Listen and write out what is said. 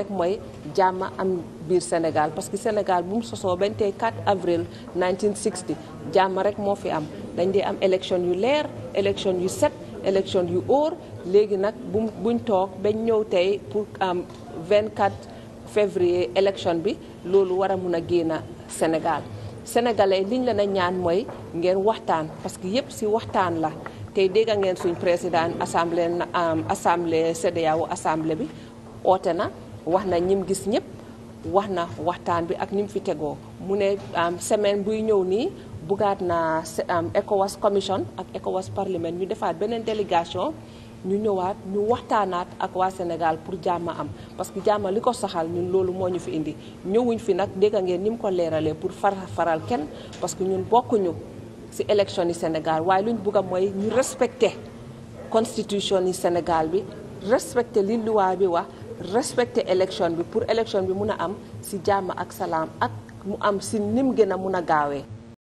rek mooy jàmm am biir Sénégal parce que Sénégal bu mu sosoo bañ tey 4 avril 1960 jàmm rek moo fi am dañ dee am élection yu leer élection yu set élection yu óor léegi nag bu buñ toog bañ ñëw tey pour am 24 février élection bi loolu war a mun a génn Sénégal sénégalais liñ la na ñaan mooy ngeen waxtaan parce que yépp si waxtaan la tey dégg ngeen suñ président assemblée assemblée CEDEAO assemblée bi oote na wax na ñim gis ñëpp wax na waxtaan bi ak ñim fi tegoo mu ne semaine buy ñëw nii bugaat na ECOWAS commission ak ECOWAS parlement ñu defaat beneen délégation ñu ñëwaat ñu waxtaanaat ak waa Sénégal pour jàmma am parce que jàmma li ko saxal ñun loolu moo ñu fi indi ñëwuñ fi nag dégg ngeen ni mu ko leeralee pour far faral kenn parce que ñun bokkuñu ci élection yi Sénégal waaye luñ bëgg a mooy ñu respecté constitution yi Sénégal bi respecté li loi bi wax respecter élection bi pour élection bi mun a am si jàmm ak salaam ak mu am si nim gën a mun a gaawee